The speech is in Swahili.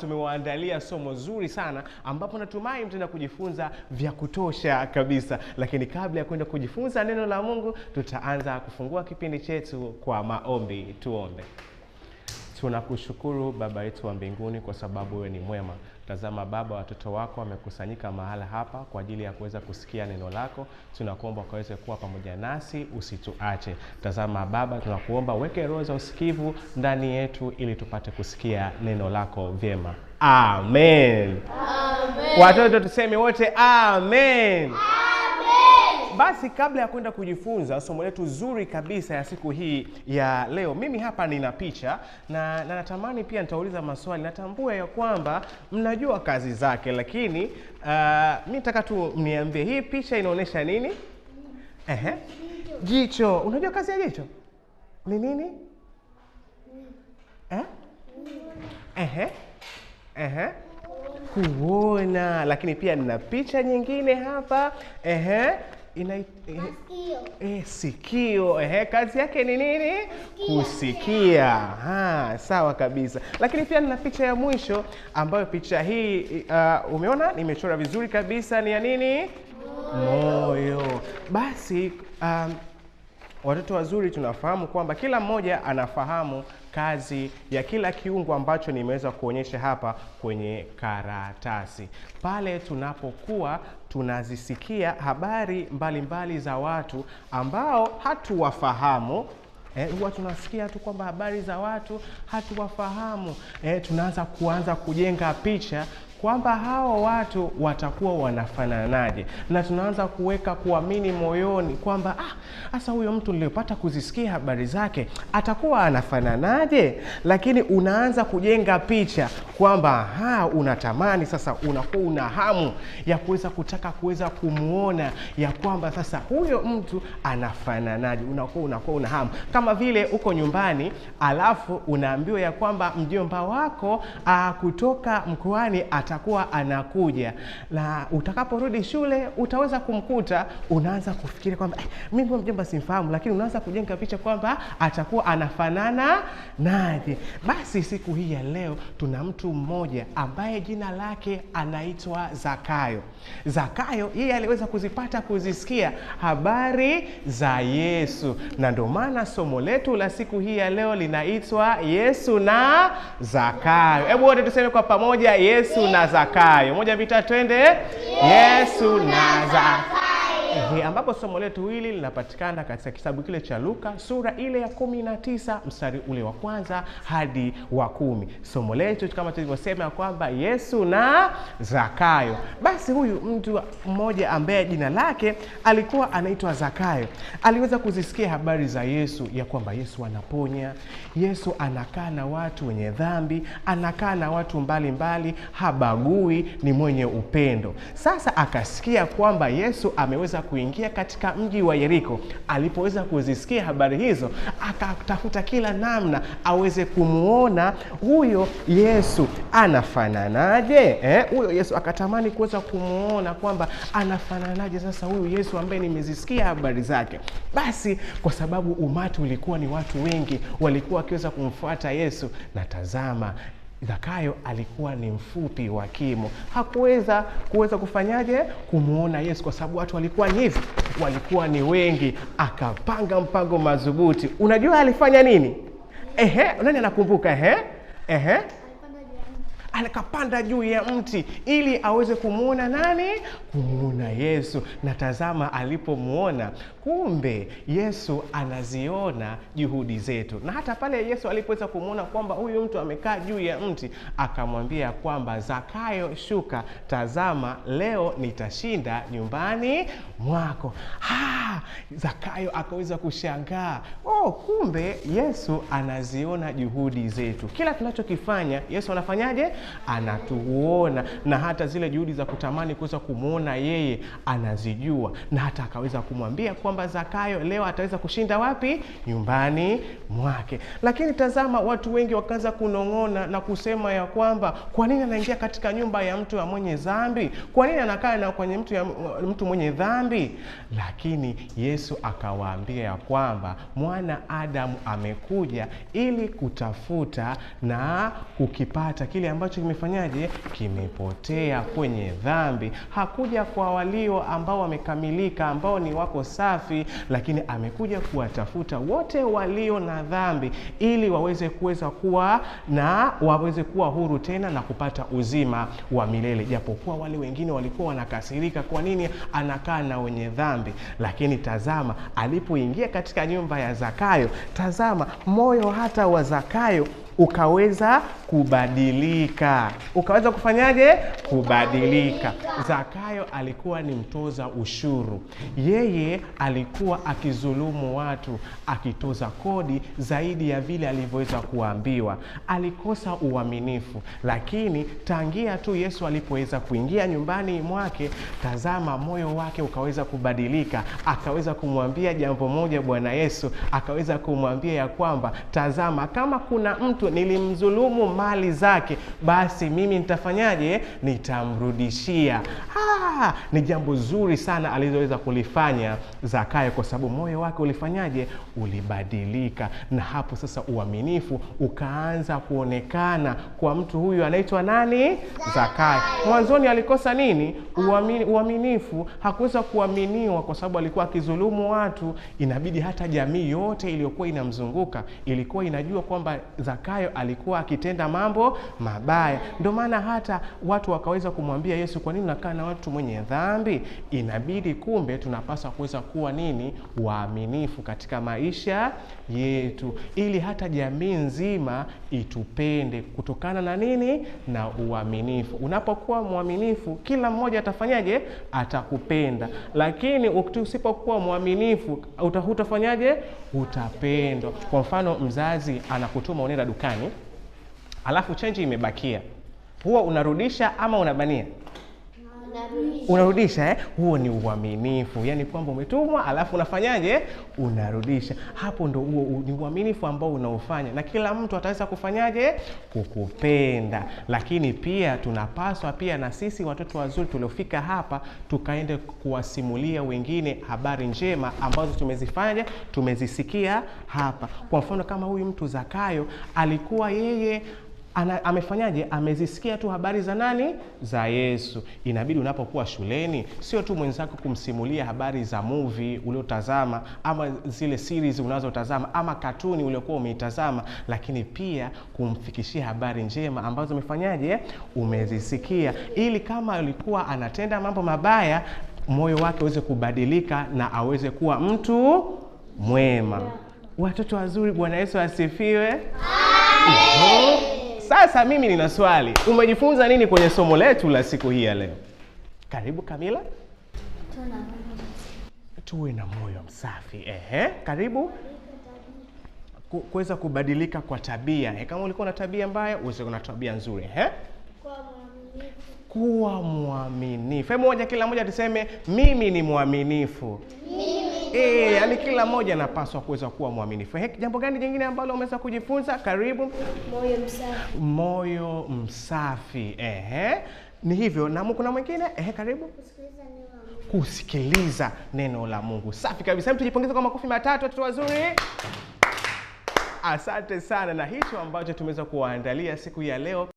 Tumewaandalia somo zuri sana ambapo natumai mtaenda kujifunza vya kutosha kabisa, lakini kabla ya kwenda kujifunza neno la Mungu, tutaanza kufungua kipindi chetu kwa maombi. Tuombe. Tunakushukuru Baba yetu wa mbinguni kwa sababu wewe ni mwema. Tazama Baba, watoto wako wamekusanyika mahala hapa kwa ajili ya kuweza kusikia neno lako. Tunakuomba ukaweze kuwa pamoja nasi, usituache. Tazama Baba, tunakuomba weke roho za usikivu ndani yetu ili tupate kusikia neno lako vyema. Amen, amen. Watoto tuseme wote amen, amen basi kabla ya kwenda kujifunza somo letu zuri kabisa ya siku hii ya leo, mimi hapa nina picha na, na natamani pia nitauliza maswali. Natambua ya kwamba mnajua kazi zake, lakini uh, ah, mi nataka tu mniambie hii picha inaonyesha nini? Ehe. Jicho. Unajua kazi ya jicho ni nini? Ehe. Ehe. Ehe kuona lakini pia nina picha nyingine hapa ehe, ina, eh, eh, sikio eh, kazi yake ni nini? Kusikia. Ha, sawa kabisa. Lakini pia nina picha ya mwisho ambayo picha hii eh, uh, umeona nimechora vizuri kabisa, ni ya nini? Moyo. Basi um, watoto wazuri tunafahamu kwamba kila mmoja anafahamu kazi ya kila kiungo ambacho nimeweza kuonyesha hapa kwenye karatasi. Pale tunapokuwa tunazisikia habari mbalimbali mbali za watu ambao hatuwafahamu eh, huwa e, tunasikia tu kwamba habari za watu hatuwafahamu. E, tunaanza kuanza kujenga picha kwamba hao watu watakuwa wanafananaje, na tunaanza kuweka kuamini moyoni kwamba ah, hasa ah, huyo mtu niliyopata kuzisikia habari zake atakuwa anafananaje, lakini unaanza kujenga picha kwamba ha, unatamani sasa, unakuwa una hamu ya kuweza kutaka kuweza kumwona ya kwamba sasa huyo mtu anafananaje, unakuwa unakuwa una hamu kama vile uko nyumbani, alafu unaambiwa ya kwamba mjomba wako a, ah, kutoka mkoani atakuwa anakuja, na utakaporudi shule utaweza kumkuta, unaanza kufikiri kwamba eh, mimi kwa mjomba simfahamu, lakini unaanza kujenga picha kwamba atakuwa anafanana naje. Basi siku hii ya leo tuna mtu mmoja ambaye jina lake anaitwa Zakayo. Zakayo yeye aliweza kuzipata kuzisikia habari za Yesu, na ndio maana somo letu la siku hii ya leo linaitwa Yesu na Zakayo. Hebu wote tuseme kwa pamoja, Yesu na na Zakayo. Moja, vita, twende. Yesu na Zakayo. Ehe, ambapo somo letu hili linapatikana katika kitabu kile cha Luka sura ile ya kumi na tisa mstari ule wa kwanza hadi wa kumi. Somo letu kama tulivyosema kwamba Yesu na Zakayo. Basi huyu mtu mmoja ambaye jina lake alikuwa anaitwa Zakayo aliweza kuzisikia habari za Yesu ya kwamba Yesu anaponya, Yesu anakaa na watu wenye dhambi, anakaa na watu mbalimbali mbali, habagui, ni mwenye upendo. Sasa akasikia kwamba Yesu ameweza kuingia katika mji wa Yeriko. Alipoweza kuzisikia habari hizo, akatafuta kila namna aweze kumwona huyo Yesu anafananaje, eh? Huyo Yesu akatamani kuweza kumwona kwamba anafananaje sasa huyu Yesu ambaye nimezisikia habari zake. Basi kwa sababu umati ulikuwa ni watu wengi, walikuwa wakiweza kumfuata Yesu, na tazama Zakayo alikuwa ni mfupi wa kimo, hakuweza kuweza kufanyaje kumwona Yesu kwa sababu watu walikuwa hivi, walikuwa ni wengi. Akapanga mpango madhubuti. Unajua alifanya nini? Ehe, nani anakumbuka? Ehe, ehe akapanda juu ya mti ili aweze kumwona nani? Kumwona Yesu. Na tazama, alipomwona, kumbe Yesu anaziona juhudi zetu. Na hata pale Yesu alipoweza kumwona kwamba huyu mtu amekaa juu ya mti, akamwambia kwamba Zakayo, shuka, tazama, leo nitashinda nyumbani mwako. Ha, Zakayo akaweza kushangaa, oh, kumbe Yesu anaziona juhudi zetu. Kila tunachokifanya Yesu anafanyaje? anatuona, na hata zile juhudi za kutamani kuweza kumwona yeye anazijua, na hata akaweza kumwambia kwamba Zakayo leo ataweza kushinda wapi? Nyumbani mwake. Lakini tazama, watu wengi wakaanza kunong'ona na kusema ya kwamba kwa nini anaingia katika nyumba ya mtu ya mwenye dhambi? Kwa nini anakaa na kwenye mtu, ya, mtu mwenye dhambi? Lakini Yesu akawaambia ya kwamba mwana Adamu amekuja ili kutafuta na kukipata kile ambacho ambacho kimefanyaje, kimepotea kwenye dhambi. Hakuja kwa walio ambao wamekamilika, ambao ni wako safi, lakini amekuja kuwatafuta wote walio na dhambi, ili waweze kuweza kuwa na waweze kuwa huru tena na kupata uzima wa milele. Japokuwa wale wengine walikuwa wanakasirika, kwa nini anakaa na wenye dhambi? Lakini tazama, alipoingia katika nyumba ya Zakayo, tazama moyo hata wa Zakayo ukaweza kubadilika, ukaweza kufanyaje? Kubadilika. Zakayo alikuwa ni mtoza ushuru, yeye alikuwa akizulumu watu, akitoza kodi zaidi ya vile alivyoweza kuambiwa. Alikosa uaminifu, lakini tangia tu Yesu alipoweza kuingia nyumbani mwake, tazama, moyo wake ukaweza kubadilika, akaweza kumwambia jambo moja Bwana Yesu, akaweza kumwambia ya kwamba tazama, kama kuna mtu mtu nilimdhulumu mali zake, basi mimi nitafanyaje? Nitamrudishia. Ah, ni jambo zuri sana alizoweza kulifanya Zakayo kwa sababu moyo wake ulifanyaje? Ulibadilika, na hapo sasa uaminifu ukaanza kuonekana kwa mtu huyu anaitwa nani? Zakayo. Mwanzoni alikosa nini? Uamini, uaminifu. Hakuweza kuaminiwa kwa sababu alikuwa akidhulumu watu. Inabidi hata jamii yote iliyokuwa inamzunguka ilikuwa inajua kwamba Zakayo ambayo alikuwa akitenda mambo mabaya. Ndio maana hata watu wakaweza kumwambia Yesu, kwa nini unakaa na watu mwenye dhambi? Inabidi kumbe, tunapaswa kuweza kuwa nini, waaminifu katika maisha yetu, ili hata jamii nzima itupende kutokana na nini, na uaminifu. Unapokuwa mwaminifu, kila mmoja atafanyaje? Atakupenda. Lakini usipokuwa mwaminifu, utafanyaje? Utapendwa. Kwa mfano, mzazi anakutuma unaenda dukani tani, alafu chenji imebakia, huwa unarudisha ama unabania? unarudisha, unarudisha eh? Huo ni uaminifu, yaani kwamba umetumwa alafu unafanyaje? Unarudisha. Hapo ndo huo ni uaminifu ambao unaofanya, na kila mtu ataweza kufanyaje? Kukupenda. Lakini pia tunapaswa pia na sisi watoto wazuri tuliofika hapa tukaende kuwasimulia wengine habari njema ambazo tumezifanya tumezisikia hapa. Kwa mfano kama huyu mtu Zakayo alikuwa yeye ana, amefanyaje? Amezisikia tu habari za nani? Za Yesu. Inabidi unapokuwa shuleni, sio tu mwenzako kumsimulia habari za movie uliotazama ama zile series unazotazama ama katuni uliokuwa umeitazama, lakini pia kumfikishia habari njema ambazo umefanyaje? Umezisikia, ili kama alikuwa anatenda mambo mabaya moyo wake aweze kubadilika na aweze kuwa mtu mwema. Watoto wazuri, Bwana Yesu asifiwe. Sasa mimi nina swali, umejifunza nini kwenye somo letu la siku hii ya leo? Karibu Kamila. Tuwe na moyo msafi. Ehe, karibu kuweza kubadilika kwa tabia. Eh, kama ulikuwa na tabia mbaya, uweze kuwa na tabia nzuri. Ehe, kuwa mwaminifu. Hebu moja, kila moja tuseme mimi ni mwaminifu e, yani kila mmoja anapaswa kuweza kuwa mwaminifu. Jambo gani jingine ambalo umeweza kujifunza? Karibu. Moyo msafi. Moyo msafi. Ehe, ni hivyo. Na kuna mwingine? Ehe, karibu. Kusikiliza neno, la Mungu. Safi kabisa. Tujipongeze kwa makofi matatu, watoto wazuri. Asante sana, na hicho ambacho tumeweza kuwaandalia siku ya leo.